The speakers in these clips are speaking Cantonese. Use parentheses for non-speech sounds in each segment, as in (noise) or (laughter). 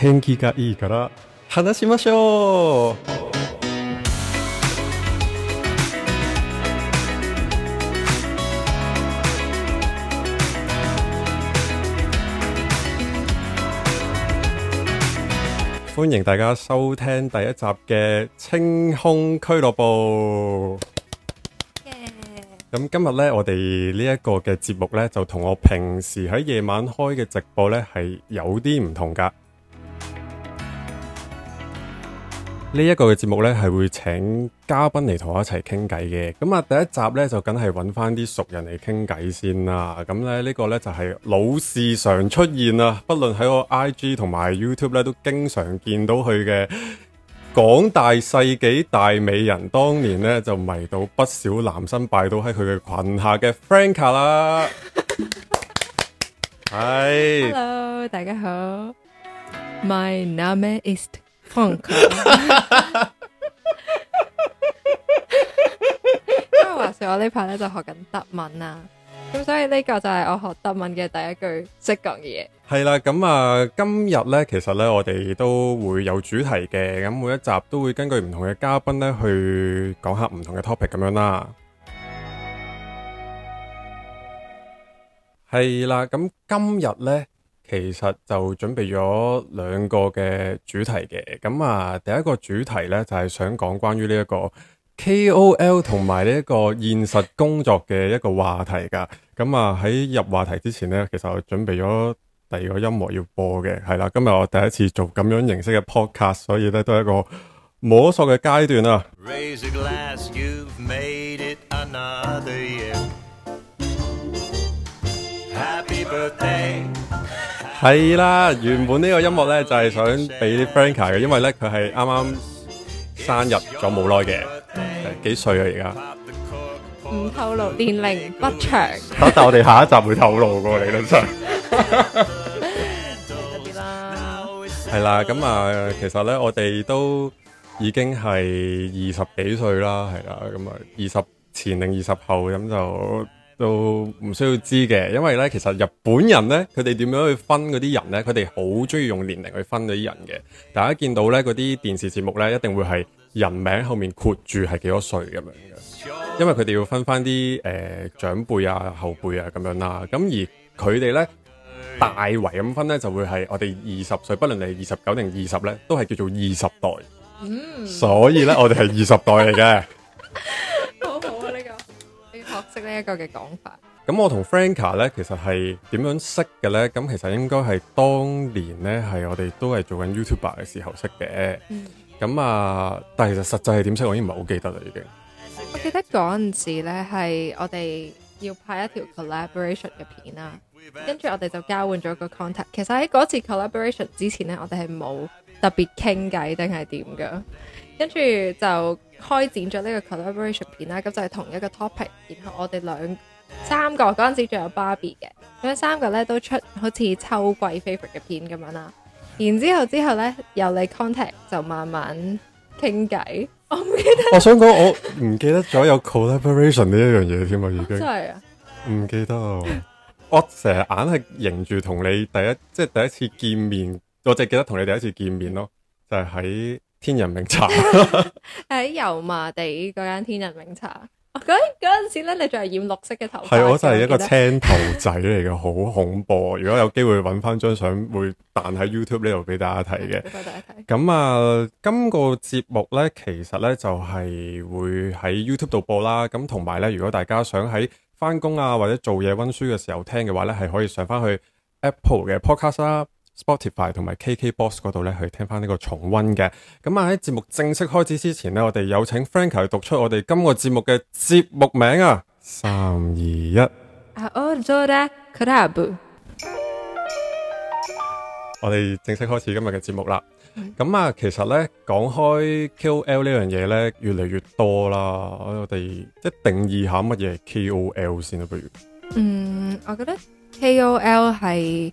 天氣好，氣好，從來都係咁。歡迎大家收聽第一集嘅青空俱樂部。咁 Yeah. 今日咧，我哋呢一個嘅節目咧，就同我平時喺夜晚開嘅直播咧係有啲唔同㗎。呢一個嘅節目呢，係會請嘉賓嚟同我一齊傾偈嘅。咁、嗯、啊，第一集呢，就梗係揾返啲熟人嚟傾偈先啦。咁、嗯、咧、呢、這個呢，就係、是、老是常出現啊，不論喺我 I G 同埋 YouTube 呢，都經常見到佢嘅廣大世紀大美人。當年呢，就迷到不少男生，拜倒喺佢嘅裙下嘅 Franka 啦。係 (laughs) Hi.，Hello，大家好，My name is。瘋狂， (laughs) 因為話說我呢排咧就學緊德文啦，咁所以呢個就係我學德文嘅第一句識講嘅嘢。係啦，咁啊，今日咧其實咧我哋都會有主題嘅，咁每一集都會根據唔同嘅嘉賓咧去講下唔同嘅 topic 咁樣啦。係啦，咁 (music) 今日咧。其實就準備咗兩個嘅主題嘅，咁啊，第一個主題呢，就係想講關於呢一個 KOL 同埋呢一個現實工作嘅一個話題噶，咁啊喺入話題之前呢，其實我準備咗第二個音樂要播嘅，係啦，今日我第一次做咁樣形式嘅 podcast，所以呢，都係一個摸索嘅階段啊。係啦，原本呢個音樂咧就係想俾 Franka 嘅，因為咧佢係啱啱生日咗冇耐嘅，幾歲啊而家？唔透露年齡不詳。但係我哋下一集會透露嘅喎，你都信？係啦，咁啊，其實咧我哋都已經係二十幾歲啦，係啦，咁啊二十前定二十後咁就。都唔需要知嘅，因為咧，其實日本人咧，佢哋點樣去分嗰啲人咧？佢哋好中意用年齡去分嗰啲人嘅。大家見到咧，嗰啲電視節目咧，一定會係人名後面括住係幾多歲咁樣嘅，因為佢哋要分翻啲誒長輩啊、後輩啊咁樣啦。咁而佢哋咧大圍咁分咧，就會係我哋二十歲，不論你二十九定二十咧，都係叫做二十代。嗯，所以咧， (laughs) 我哋係二十代嚟嘅。 (laughs) 識呢一個嘅講法。咁我同 Franka 咧，其實係點樣識嘅咧？咁其實應該係當年咧，係我哋都係做緊 YouTuber 嘅時候識嘅。咁、嗯、啊，但係其實實際係點識，我已經唔係好記得啦。已經。我記得嗰陣時咧，係我哋要拍一條 collaboration 嘅片啦，跟住我哋就交換咗個 contact。其實喺嗰次 collaboration 之前咧，我哋係冇特別傾偈定係點噶，跟住就。開展咗呢個 collaboration 片啦，咁就係同一個 topic，然後我哋兩三個嗰陣時仲有 Barbie 嘅，咁樣三個咧都出好似秋季 favorite 嘅片咁樣啦。然之之後之後咧，由你 contact 就慢慢傾偈，我唔記得。我想講我唔記得咗有 collaboration 呢一樣嘢添啊，已經真係啊，唔 (laughs) 記得啊， (laughs) 我成日硬係迎住同你第一，即係第一次見面，我淨係記得同你第一次見面咯，就係喺。天人茗茶喺 (laughs) 油麻地嗰間天人茗茶，嗰嗰陣時咧，你仲係染綠色嘅頭髮，係，我真係一個青頭仔嚟嘅， (laughs) 好恐怖。如果有機會揾翻張相，會彈喺 YouTube 呢度俾大家睇嘅。咁 (laughs) 啊，今、這個節目咧，其實咧就係、是、會喺 YouTube 度播啦。咁同埋咧，如果大家想喺翻工啊或者做嘢溫書嘅時候聽嘅話咧，係可以上翻去 Apple 嘅 Podcast 啦。Spotify 同埋 KKBox 嗰度咧，去聽翻呢個重溫嘅。咁啊喺節目正式開始之前呢，我哋有請 Franka 去讀出我哋今個節目嘅節目名啊！三二一，啊哦，我哋正式開始今日嘅節目啦。咁，嗯，啊，其實咧講開 KOL 呢樣嘢咧，越嚟越多啦。我哋即定義一下乜嘢 KOL 先啦，不如？嗯，我覺得 KOL 係。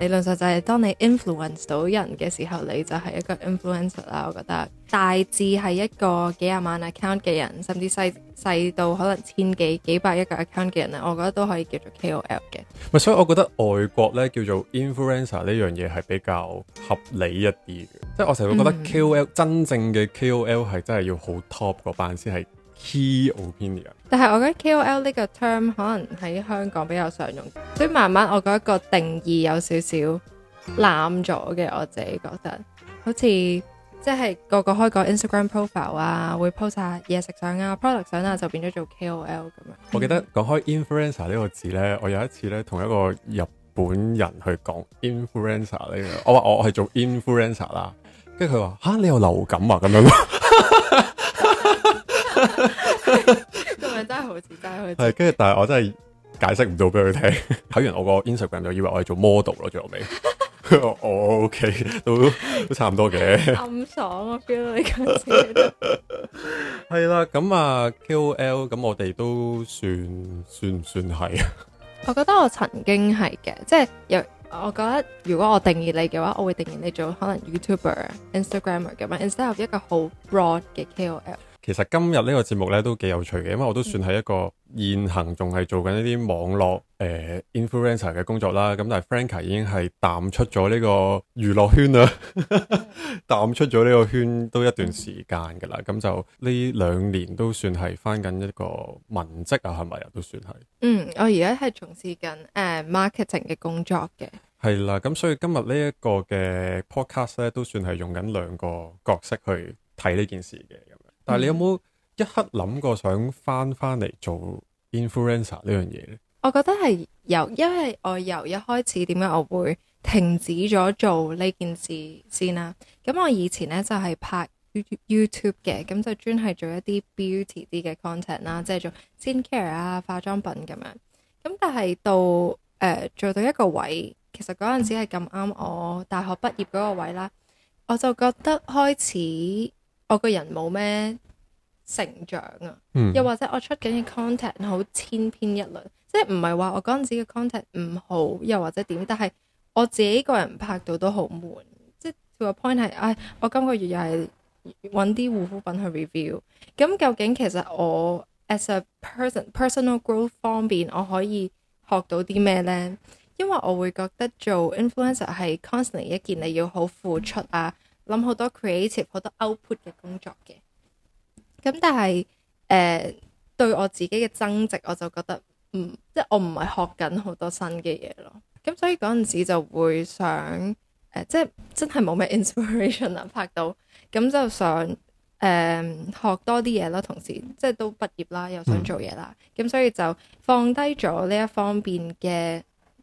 理論上就係當你 influence 到人嘅時候，你就係一個 influencer 啦。我覺得大致係一個幾廿萬 account 嘅人，甚至細細到可能千幾幾百一個 account 嘅人咧，我覺得都可以叫做 KOL 嘅。唔係，所以我覺得外國咧叫做 influencer 呢樣嘢係比較合理一啲嘅。即係我成日會覺得 KOL、嗯、真正嘅 KOL 係真係要好 top 嗰班先係 key opinion。但係我覺得 KOL 呢個 term 可能喺香港比較常用，所以慢慢我覺得個定義有少少濫咗嘅，我自己覺得，好似即係個個開個 Instagram profile 啊，會 post 下嘢食相啊、product 相啊，就變咗做 KOL 咁樣。我記得講開 influencer 呢個字呢，我有一次呢，同一個日本人去講 influencer 呢個咧， (laughs) 我話我係做 influencer 啦，跟住佢話吓你有流感啊咁樣。 (laughs) (laughs) (laughs) 係跟住，但係我真係解釋唔到俾佢聽。睇完我個 Instagram 就以為我係做 model 咯，最後尾。我 OK 都都差唔多嘅。咁爽啊 feel 你今次。係啦，咁啊 KOL，咁我哋都算算唔算係啊？我覺得我曾經係嘅，即係有。我覺得如果我定義你嘅話，我會定義你做可能 YouTuber、Instagram 嘅嘛，instead of 一個好 broad 嘅 KOL。其實今日呢個節目咧都幾有趣嘅，因為我都算係一個現行仲係做緊一啲網絡誒、呃、influencer 嘅工作啦。咁但係 Franka 已經係淡出咗呢個娛樂圈啦， (laughs) (laughs) 淡出咗呢個圈都一段時間噶啦。咁、嗯、就呢兩年都算係返緊一個文職啊，係咪啊？都算係。嗯，我而家係從事緊誒、呃、marketing 嘅工作嘅。係啦，咁所以今日呢一個嘅 podcast 咧，都算係用緊兩個角色去睇呢件事嘅。但你有冇一刻諗過想翻翻嚟做 influencer 呢樣嘢呢？我覺得係由，因為我由一開始點解我會停止咗做呢件事先啦、啊。咁我以前呢就係、是、拍 YouTube 嘅，咁就專係做一啲 beauty 啲嘅 content 啦、啊，即係做 skin care 啊、化妝品咁樣。咁但係到誒、呃、做到一個位，其實嗰陣時係咁啱我大學畢業嗰個位啦，我就覺得開始，我個人冇咩成長啊，嗯、又或者我出緊嘅 content 好千篇一律，即係唔係話我嗰陣時嘅 content 唔好，又或者點？但係我自己個人拍到都好悶，即係 to a point 係，唉，我今個月又係揾啲護膚品去 review，咁究竟其實我 as a person personal growth 方面我可以學到啲咩呢？因為我會覺得做 influencer 係 constantly 一件你要好付出啊。諗好多 creative、好多 output 嘅工作嘅，咁但係誒、呃、對我自己嘅增值，我就覺得唔即係我唔係學緊好多新嘅嘢咯。咁所以嗰陣時就會想誒、呃，即係真係冇咩 inspiration 能、啊、拍到，咁就想誒、呃、學多啲嘢咯。同時即係都畢業啦，又想做嘢啦，咁、嗯、所以就放低咗呢一方面嘅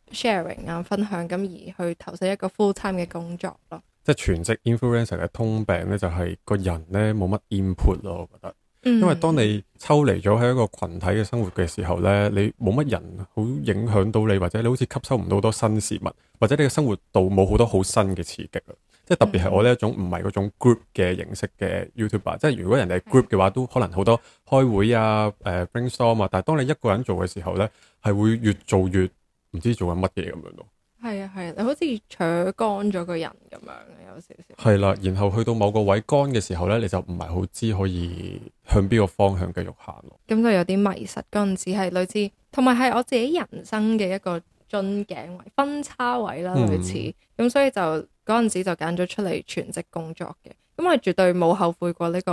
sharing 啊分享，咁而去投身一個 full time 嘅工作咯。即係全職 influencer 嘅通病咧，就係、是、個人咧冇乜 input 咯，我覺得。Mm hmm. 因為當你抽離咗喺一個群體嘅生活嘅時候咧，你冇乜人好影響到你，或者你好似吸收唔到好多新事物，或者你嘅生活度冇好多好新嘅刺激啊！即係特別係我呢、mm hmm. 一種唔係嗰種 group 嘅形式嘅 YouTuber。即係如果人哋 group 嘅話，都可能好多開會啊、誒、呃、b r i n g s t o r m 啊。但係當你一個人做嘅時候咧，係會越做越唔知做緊乜嘢咁樣咯。係啊，係啊，你好似扯乾咗個人咁樣，有少少。係啦，然後去到某個位乾嘅時候呢，你就唔係好知可以向邊個方向繼續行咯。咁、嗯嗯、就有啲迷失嗰陣時係類似，同埋係我自己人生嘅一個樽頸位分叉位啦，類似。咁、嗯、所以就嗰陣時就揀咗出嚟全職工作嘅，咁我絕對冇後悔過呢個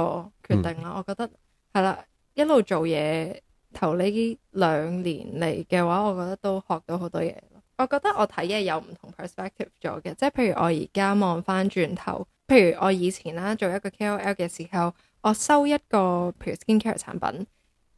決定啦。嗯、我覺得係啦，一路做嘢頭呢兩年嚟嘅話，我覺得都學到好多嘢。我覺得我睇嘢有唔同 perspective 咗嘅，即係譬如我而家望翻轉頭，譬如我以前啦、啊、做一個 KOL 嘅時候，我收一個譬如 skin care 產品，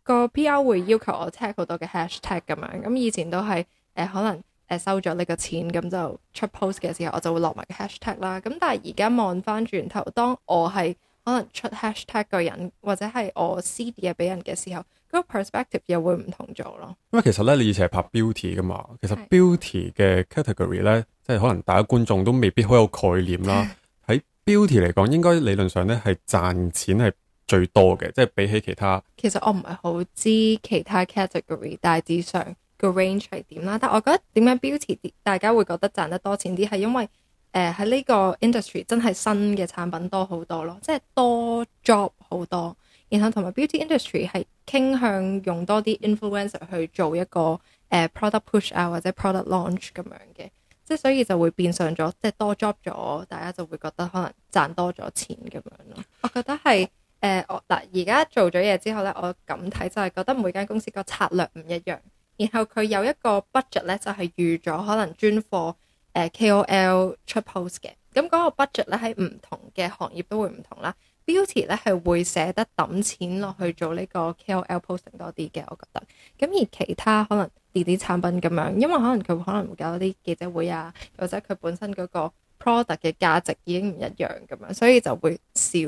個 PR 會要求我 tag 好多嘅 hashtag 咁樣，咁、嗯、以前都係誒、呃、可能誒收咗呢個錢咁就出 post 嘅時候，我就會落埋個 hashtag 啦。咁、嗯、但係而家望翻轉頭，當我係可能出 hashtag 個人，或者係我 seed 嘢俾人嘅時候，個 perspective 又會唔同做咯，因為其實咧，你以前係拍 beauty 噶嘛，其實 beauty 嘅 category 咧，的即係可能大家觀眾都未必好有概念啦。喺 (laughs) beauty 嚟講，應該理論上咧係賺錢係最多嘅，即係比起其他。其實我唔係好知其他 category 大致上個 range 係點啦，但係我覺得點樣 beauty 大家會覺得賺得多錢啲，係因為誒喺呢個 industry 真係新嘅產品多好多咯，即係多 job 好多。然後同埋 beauty industry 係傾向用多啲 influencer 去做一個誒、呃、product push 啊或者 product launch 咁樣嘅，即係所以就會變相咗，即係多 job 咗，大家就會覺得可能賺多咗錢咁樣咯。我覺得係誒、呃、我嗱而家做咗嘢之後咧，我咁睇就係、是、覺得每間公司個策略唔一樣，然後佢有一個 budget 咧就係預咗可能專貨誒、呃、KOL 出 post 嘅，咁嗰個 budget 咧喺唔同嘅行業都會唔同啦。Beauty 咧係會捨得抌錢落去做呢個 K.O.L. posting 多啲嘅，我覺得咁而其他可能電子產品咁樣，因為可能佢可能會搞啲記者會啊，或者佢本身嗰個 product 嘅價值已經唔一樣咁樣，所以就會少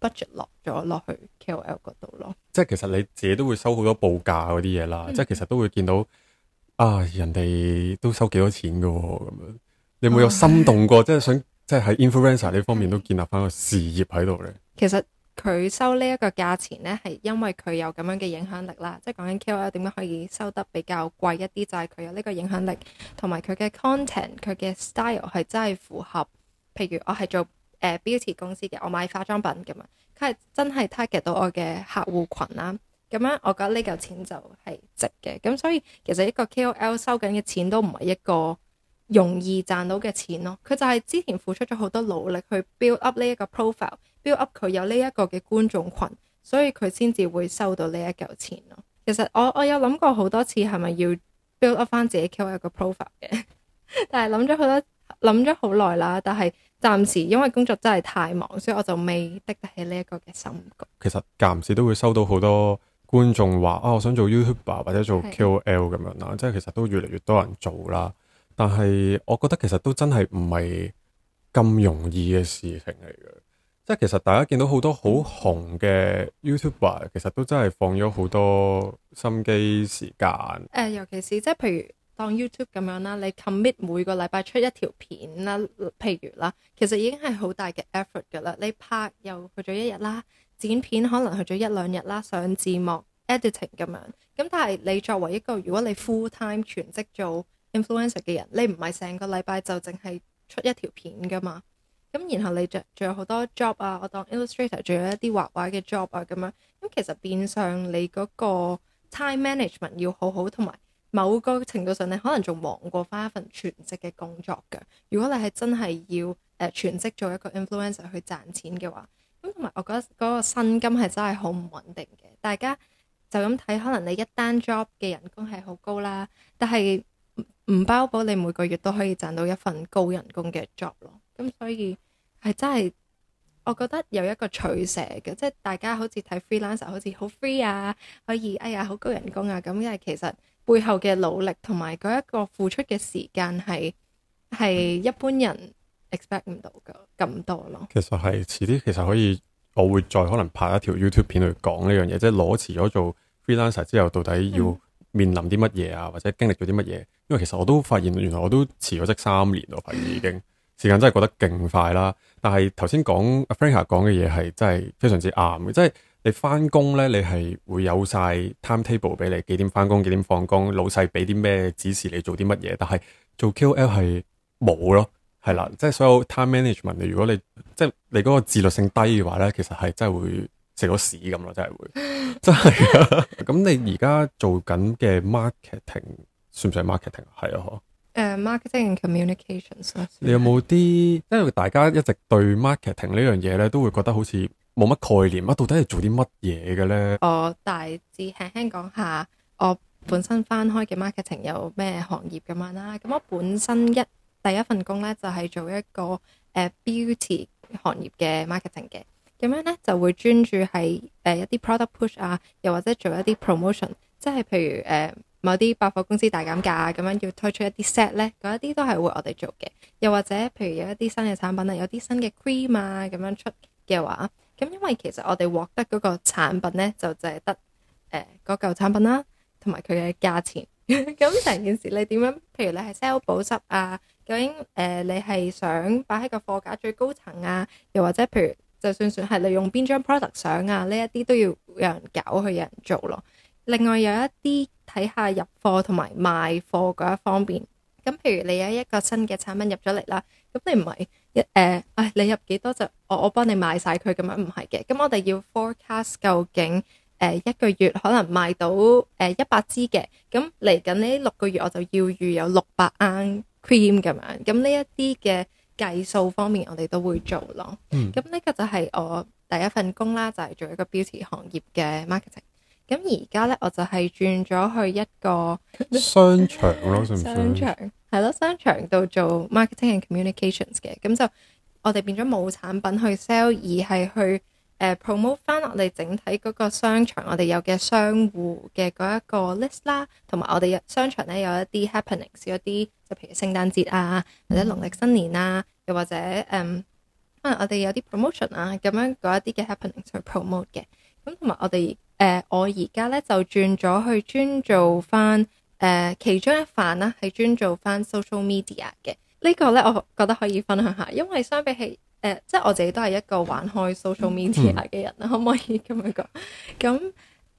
budget 落咗落去 K.O.L. 嗰度咯。即係其實你自己都會收好多報價嗰啲嘢啦，嗯、即係其實都會見到啊，人哋都收幾多錢嘅喎咁樣。你有冇有，有心動過，嗯、 (laughs) 即係想即係喺 influencer 呢方面都建立返個事業喺度咧？其實佢收呢一個價錢呢，係因為佢有咁樣嘅影響力啦。即係講緊 K O L，點解可以收得比較貴一啲，就係、是、佢有呢個影響力，同埋佢嘅 content，佢嘅 style 係真係符合。譬如我係做誒、呃、Beauty 公司嘅，我賣化妝品嘅嘛，佢係真係 target 到我嘅客戶群啦。咁樣，我覺得呢嚿錢就係值嘅。咁所以，其實一個 K O L 收緊嘅錢都唔係一個容易賺到嘅錢咯。佢就係之前付出咗好多努力去 build up 呢一個 profile。build up 佢有呢一個嘅觀眾群，所以佢先至會收到呢一嚿錢咯。其實我我有諗過好多次，係咪要 build up 翻自己 KOL 嘅 profile 嘅？ (laughs) 但係諗咗好多，諗咗好耐啦。但係暫時因為工作真係太忙，所以我就未逼得起呢一個嘅心。其實暫時都會收到好多觀眾話啊，我想做 YouTuber 或者做 KOL 咁樣啦。的即係其實都越嚟越多人做啦。但係我覺得其實都真係唔係咁容易嘅事情嚟嘅。即係其實大家見到好多好紅嘅 YouTuber，其實都真係放咗好多心機時間。誒、呃，尤其是即係譬如當 YouTube 咁樣啦，你 commit 每個禮拜出一條片啦，譬如啦，其實已經係好大嘅 effort 㗎啦。你拍又去咗一日啦，剪片可能去咗一兩日啦，上字幕 editing 咁樣。咁但係你作為一個如果你 full time 全職做 influencer 嘅人，你唔係成個禮拜就淨係出一條片㗎嘛？咁然後你仲仲有好多 job 啊，我當 illustrator 仲有一啲畫畫嘅 job 啊咁樣，咁其實變相你嗰個 time management 要好好，同埋某個程度上你可能仲忙過返一份全職嘅工作㗎。如果你係真係要誒全職做一個 influencer 去賺錢嘅話，咁同埋我覺得嗰個薪金係真係好唔穩定嘅。大家就咁睇，可能你一單 job 嘅人工係好高啦，但係唔包保你每個月都可以賺到一份高人工嘅 job 咯。咁所以，係真係，我覺得有一個取捨嘅，即係大家好似睇 freelancer 好似好 free 啊，可以哎呀好高人工啊，咁因為其實背後嘅努力同埋嗰一個付出嘅時間係係一般人 expect 唔到嘅咁多咯。其實係遲啲，其實可以，我會再可能拍一條 YouTube 片去講呢樣嘢，即係攞辭咗做 freelancer 之後，到底要面臨啲乜嘢啊，嗯、或者經歷咗啲乜嘢？因為其實我都發現，原來我都辭咗職三年咯，我發現已經。 (laughs) 時間真係過得勁快啦，但係頭先講阿 Franka 講嘅嘢係真係非常之啱嘅，即係你翻工咧，你係會有晒 time table 俾你，幾點翻工，幾點放工，老細俾啲咩指示你做啲乜嘢，但係做 KOL 係冇咯，係啦，即係所有 time management。你如果你即係你嗰個自律性低嘅話咧，其實係真係會食到屎咁咯，真係會，真係。咁 (laughs) (laughs) 你而家做緊嘅 marketing 算唔算 marketing 啊？係啊，嗬。Uh, Marketing and Communications so。你有冇啲，因為大家一直對 marketing 呢樣嘢呢，都會覺得好似冇乜概念啊，到底係做啲乜嘢嘅呢？我大致輕輕講下，我本身返開嘅 marketing 有咩行業咁樣啦。咁我本身一第一份工呢，就係、是、做一個誒、uh, beauty 行業嘅 marketing 嘅。咁樣呢，就會專注喺誒、uh, 一啲 product push 啊，又或者做一啲 promotion，即係譬如誒。Uh, 某啲百貨公司大減價咁樣，要推出一啲 set 呢，嗰一啲都係會我哋做嘅。又或者譬如有一啲新嘅產品咧，有啲新嘅 cream 啊咁樣出嘅話，咁因為其實我哋獲得嗰個產品呢，就淨係得嗰嚿產品啦、啊，同埋佢嘅價錢。咁 (laughs) 成件事你點樣？譬如你係 sell 保濕啊，究竟誒、呃、你係想擺喺個貨架最高層啊？又或者譬如就算算係你用邊張 product 相啊，呢一啲都要有人搞，去有人做咯。另外有一啲睇下入貨同埋賣貨嗰一方面，咁譬如你有一個新嘅產品入咗嚟啦，咁你唔係一誒，唉、呃哎，你入幾多就我我幫你賣晒佢咁樣唔係嘅，咁我哋要 forecast 究竟誒、呃、一個月可能賣到誒一百支嘅，咁嚟緊呢六個月我就要預有六百罌 cream 咁樣，咁呢一啲嘅計數方面我哋都會做咯。咁呢、嗯、個就係我第一份工啦，就係、是、做一個 beauty 行業嘅 marketing。咁而家呢，我就係轉咗去一個商場咯， (laughs) (laughs) 商場係咯，商場度做 marketing and communications 嘅。咁就我哋變咗冇產品去 sell，而係去 promote 翻我哋整體嗰個商場我哋有嘅商戶嘅嗰一個 list 啦，同埋我哋商場呢有一啲 happening 少有啲就譬如聖誕節啊，或者農曆新年啊，又或者誒，um, 可能我哋有啲 promotion 啊，咁樣嗰一啲嘅 happening 去 promote 嘅。咁同埋我哋。誒、呃，我而家咧就轉咗去專做翻誒、呃、其中一範啦，係專做翻 social media 嘅。這個、呢個咧，我覺得可以分享下，因為相比起誒、呃，即係我自己都係一個玩開 social media 嘅人啦，嗯、可唔可以咁樣講？咁 (laughs) 誒、嗯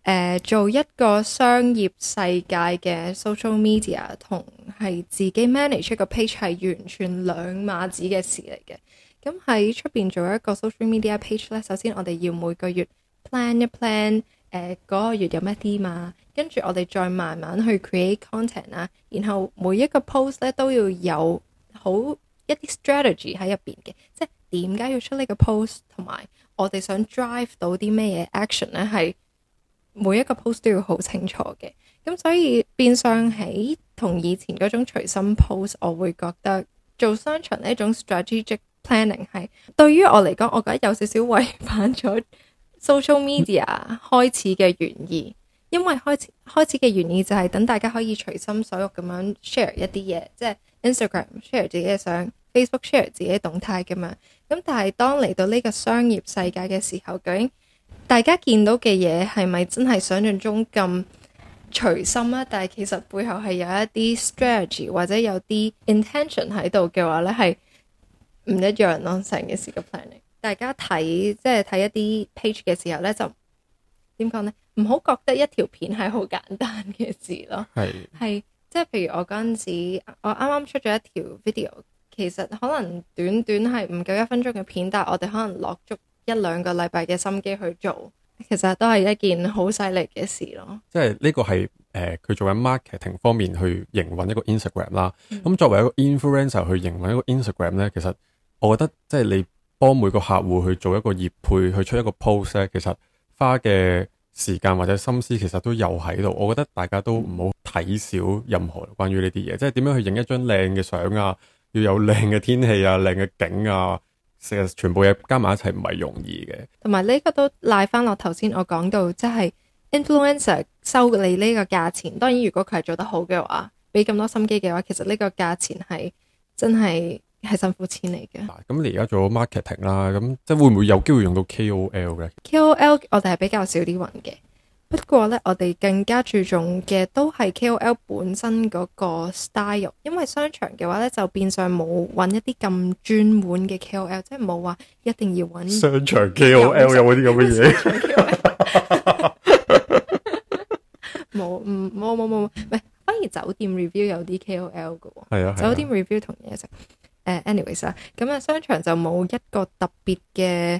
嗯，做一個商業世界嘅 social media 同係自己 manage 一個 page 係完全兩碼子嘅事嚟嘅。咁喺出邊做一個 social media page 咧，首先我哋要每個月 plan 一 plan。誒嗰、呃那個月有咩啲嘛？跟住我哋再慢慢去 create content 啦、啊。然後每一個 post 咧都要有好一啲 strategy 喺入邊嘅，即係點解要出呢個 post，同埋我哋想 drive 到啲咩嘢 action 咧，係每一個 post 都要好清楚嘅。咁所以變相喺同以前嗰種隨心 post，我會覺得做商場呢一種 strategic planning 係對於我嚟講，我覺得有少少違反咗。social media 開始嘅原意，因為開始開始嘅原意就係等大家可以隨心所欲咁樣 share 一啲嘢，即係 Instagram share 自己嘅相，Facebook share 自己嘅動態咁樣。咁但係當嚟到呢個商業世界嘅時候，究竟大家見到嘅嘢係咪真係想象中咁隨心啊？但係其實背後係有一啲 strategy 或者有啲 intention 喺度嘅話咧，係唔一樣咯啊。成件事嘅 planning。大家睇即係睇一啲 page 嘅時候咧，就點講咧？唔好覺得一條片係好簡單嘅事咯。係是，係即係，譬如我嗰陣時，我啱啱出咗一條 video，其實可能短短係唔夠一分鐘嘅片，但係我哋可能落足一兩個禮拜嘅心機去做，其實都係一件好犀利嘅事咯。即係呢個係誒，佢、呃、做緊 marketing 方面去營運一個 Instagram 啦。咁、嗯、作為一個 influencer 去營運一個 Instagram 咧，其實我覺得即係你。幫每個客戶去做一個業配，去出一個 post，其實花嘅時間或者心思其實都又喺度。我覺得大家都唔好睇少任何關於呢啲嘢，即係點樣去影一張靚嘅相啊，要有靚嘅天氣啊，靚嘅景啊，成日全部嘢加埋一齊唔係容易嘅。同埋呢個都賴翻落頭先我講到，即係 influencer 收你呢個價錢，當然如果佢係做得好嘅話，俾咁多心機嘅話，其實呢個價錢係真係。係辛苦錢嚟嘅。咁你而家做 marketing 啦，咁即係會唔會有機會用到 KOL 嘅？KOL 我哋係比較少啲揾嘅，不過咧我哋更加注重嘅都係 KOL 本身嗰個 style，因為商場嘅話咧就變相冇揾一啲咁專門嘅 KOL，即係冇話一定要揾商場 KOL 酒有冇啲咁嘅嘢？冇，唔冇冇冇冇，唔反而酒店 review 有啲 KOL 嘅喎，係啊的，酒店 review 同嘢食。的 (laughs) anyways 啊，咁啊商場就冇一個特別嘅誒、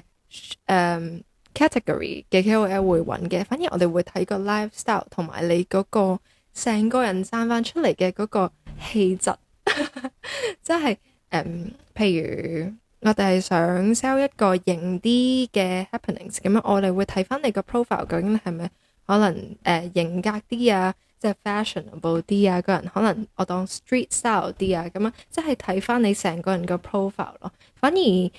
um, category 嘅 KOL 會揾嘅，反而我哋會睇個 lifestyle 同埋你嗰個成個人散翻出嚟嘅嗰個氣質，即係誒，um, 譬如我哋係想 sell 一個型啲嘅 happenings，咁我哋會睇翻你個 profile 究竟係咪可能誒、uh, 型格啲啊？即係 fashionable 啲啊，個人可能我當 street style 啲啊，咁啊，即係睇翻你成個人嘅 profile 咯。反而你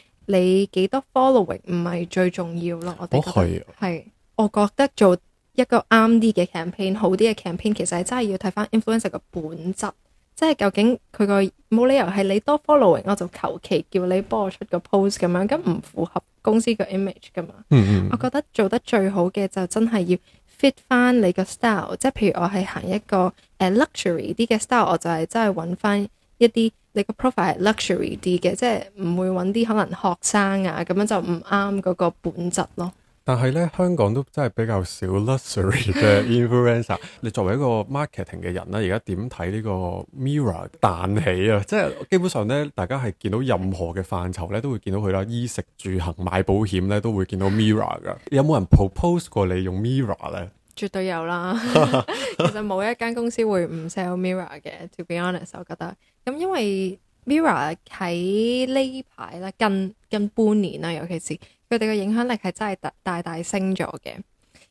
幾多 following 唔係最重要咯。我哋覺得係、啊，我覺得做一個啱啲嘅 campaign，好啲嘅 campaign，其實係真係要睇翻 influencer 嘅本質。即係究竟佢個冇理由係你多 following，我就求其叫你幫我出個 post 咁樣，咁唔符合公司嘅 image 噶嘛。嗯嗯。我覺得做得最好嘅就真係要。fit 翻你個 style，即係譬如我係行一個誒、呃、luxury 啲嘅 style，我就係真係揾翻一啲你個 profile 係 luxury 啲嘅，即係唔會揾啲可能學生啊，咁樣就唔啱嗰個本質咯。但係咧，香港都真係比較少 luxury 嘅 influencer。 (laughs) 你作為一個 marketing 嘅人咧，而家點睇呢個 Mirror 彈起啊？即係基本上咧，大家係見到任何嘅範疇咧，都會見到佢啦。衣食住行、買保險咧，都會見到 Mirror 㗎。有冇人 propose 過你用 Mirror 咧？絕對有啦。 (laughs) (laughs) 其實冇一間公司會唔 sell Mirror 嘅。To be honest，我覺得咁，因為 Mirror 喺呢排啦，近近半年啦，尤其是。佢哋嘅影響力係真係大大升咗嘅，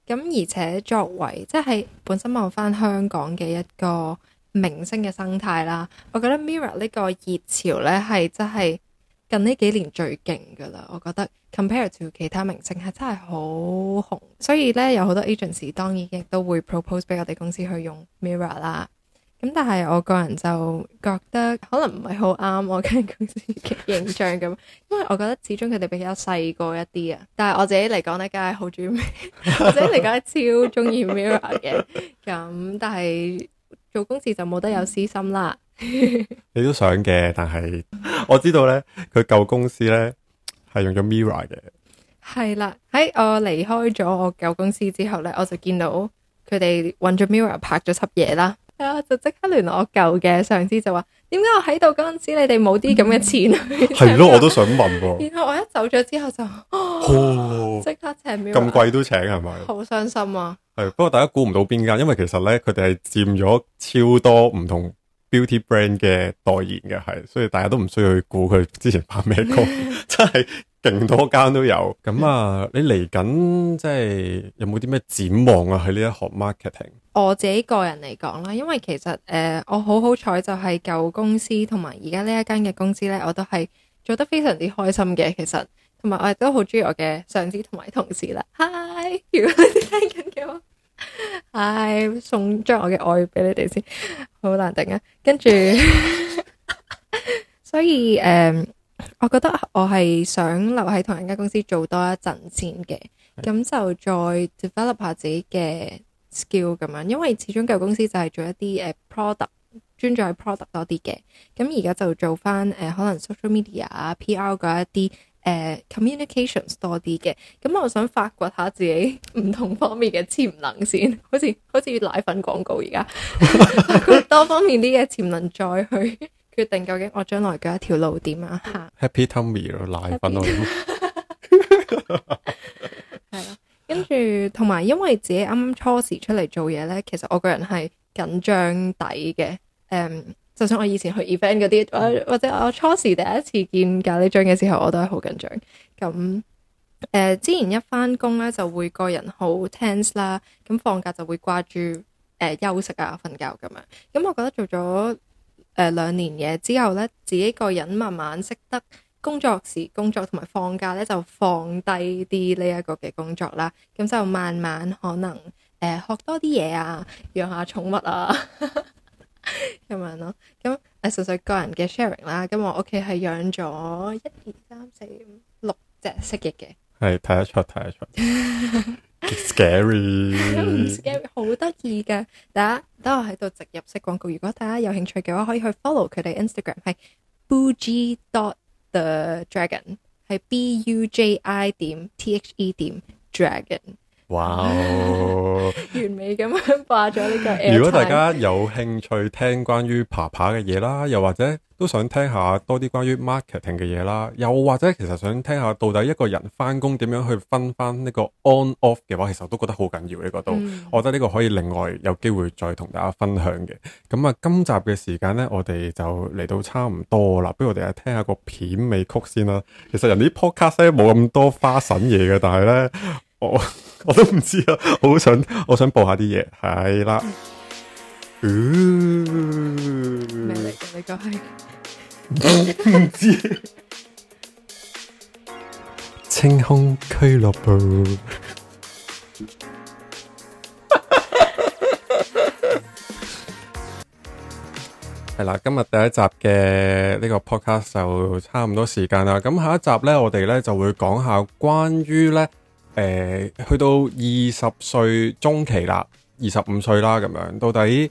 咁而且作為即係本身望翻香港嘅一個明星嘅生態啦，我覺得 Mirror 呢個熱潮呢係真係近呢幾年最勁噶啦，我覺得 compare to 其他明星係真係好紅，所以呢有好多 agency 當然亦都會 propose 俾我哋公司去用 Mirror 啦。咁但係我個人就覺得可能唔係好啱我間公司嘅形象咁， (laughs) 因為我覺得始終佢哋比較細個一啲啊。但係我自己嚟講呢，梗係好中意，我自己嚟講超中意 MIRROR 嘅。咁但係做公司就冇得有私心啦。 (laughs) 你都想嘅，但係我知道呢，佢舊公司呢係用咗 MIRROR 嘅。係啦， (laughs) 喺我離開咗我舊公司之後呢，我就見到佢哋揾咗 MIRROR 拍咗輯嘢啦。係啊，就即刻聯絡我舊嘅上司就，就話點解我喺度嗰陣時你哋冇啲咁嘅錢，嗯？係咯，我都想問噃，啊。 (laughs) 然後我一走咗之後就，即、啊、刻請邊？咁、哦、貴都請係咪？好傷心啊！係，不過大家估唔到邊間，因為其實咧佢哋係佔咗超多唔同，Beauty Brand 嘅代言嘅係，所以大家都唔需要去估佢之前拍咩歌， (laughs) 真係勁多間都有。咁啊，你嚟緊即係有冇啲咩展望啊？喺呢一行 marketing，我自己個人嚟講啦，因為其實誒、呃，我好好彩就係舊公司同埋而家呢一間嘅公司咧，我都係做得非常之開心嘅。其實同埋我亦都好中意我嘅上司同埋同事啦。Hi，如果你哋聽緊嘅話。唉，送將我嘅愛俾你哋先，好 (laughs) 難頂啊！跟住， (laughs) (laughs) 所以誒，um, 我覺得我係想留喺同一間公司做多一陣先嘅，咁的就再 develop 下自己嘅 skill 咁樣，因為始終舊公司就係做一啲誒 product，專注喺 product 多啲嘅，咁而家就做翻誒可能 social media、PR 嗰一啲。誒、uh,，Communications 多啲嘅，咁、嗯、我想發掘下自己唔同方面嘅潛能先，好似好似奶粉廣告而家， (laughs) (laughs) 多方面啲嘅潛能再去決定究竟我將來嘅一條路點樣、啊、Happy time with 奶粉咯，係咯，跟住同埋因為自己啱啱初時出嚟做嘢咧，其實我個人係緊張底嘅，嗯、um,。就算我以前去 event 嗰啲，或者我初時第一次見咖喱張嘅時候，我都係好緊張。咁，誒、呃，之前一翻工咧就會個人好 tense 啦。咁放假就會掛住誒休息啊、瞓覺咁樣。咁我覺得做咗誒兩年嘢之後咧，自己個人慢慢識得工作時工作，同埋放假咧就放低啲呢一個嘅工作啦。咁就慢慢可能誒、呃、學多啲嘢啊，養下寵物啊。 (laughs) 咁樣咯，咁誒純粹個人嘅 sharing 啦。咁我屋企係養咗一、二、三、四、五、六隻蜥蜴嘅，係睇得出睇得出，scary 唔 scary，好得意㗎。大家等我喺度植入式廣告，如果大家有興趣嘅話，可以去 follow 佢哋 Instagram，係 Buji dot the dragon，係 B U J I 點 T H E 點 dragon。哇！完美咁樣掛咗呢個。如果大家有興趣聽關於爬爬嘅嘢啦，又或者都想聽下多啲關於 Marketing 嘅嘢啦，又或者其實想聽下到底一個人翻工，點樣去分翻呢個 on off 嘅話，其實我都覺得好緊要呢個都，我覺得呢個可以另外有機會再同大家分享嘅。咁啊，今集嘅時間呢，我哋就嚟到差唔多啦。不如我哋啊聽下個片尾曲先啦。其實人哋啲 podcast 呢冇咁多花臣嘢嘅，但係呢。我。 (laughs) 我都唔知啊，好想，我想報下啲嘢，係啦。咩嚟嘅呢個係？唔、就是、 (laughs) 知道。 (laughs) 青空俱樂部。係啦，今日第一集嘅呢個 podcast 就差唔多時間啦。咁下一集咧，我哋咧就會講下關於咧。誒，去到二十歲中期啦，二十五歲啦，咁樣到底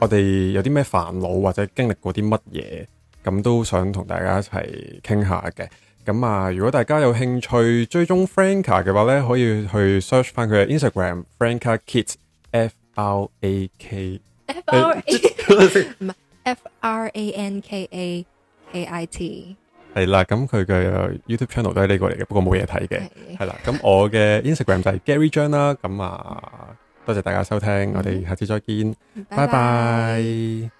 我哋有啲咩煩惱或者經歷過啲乜嘢，咁都想同大家一齊傾下嘅。咁啊，如果大家有興趣追蹤 Franka 嘅話呢，可以去 search 翻佢嘅 Instagram，Franka Kit，F R A K，F R A 唔係 F R A N K A K I T。係啦，咁佢嘅 YouTube channel 都係呢個嚟嘅，不過冇嘢睇嘅。係啦，咁我嘅 Instagram 就係 Gary h 張啦。咁啊，多謝大家收聽，我哋下次再見，拜拜。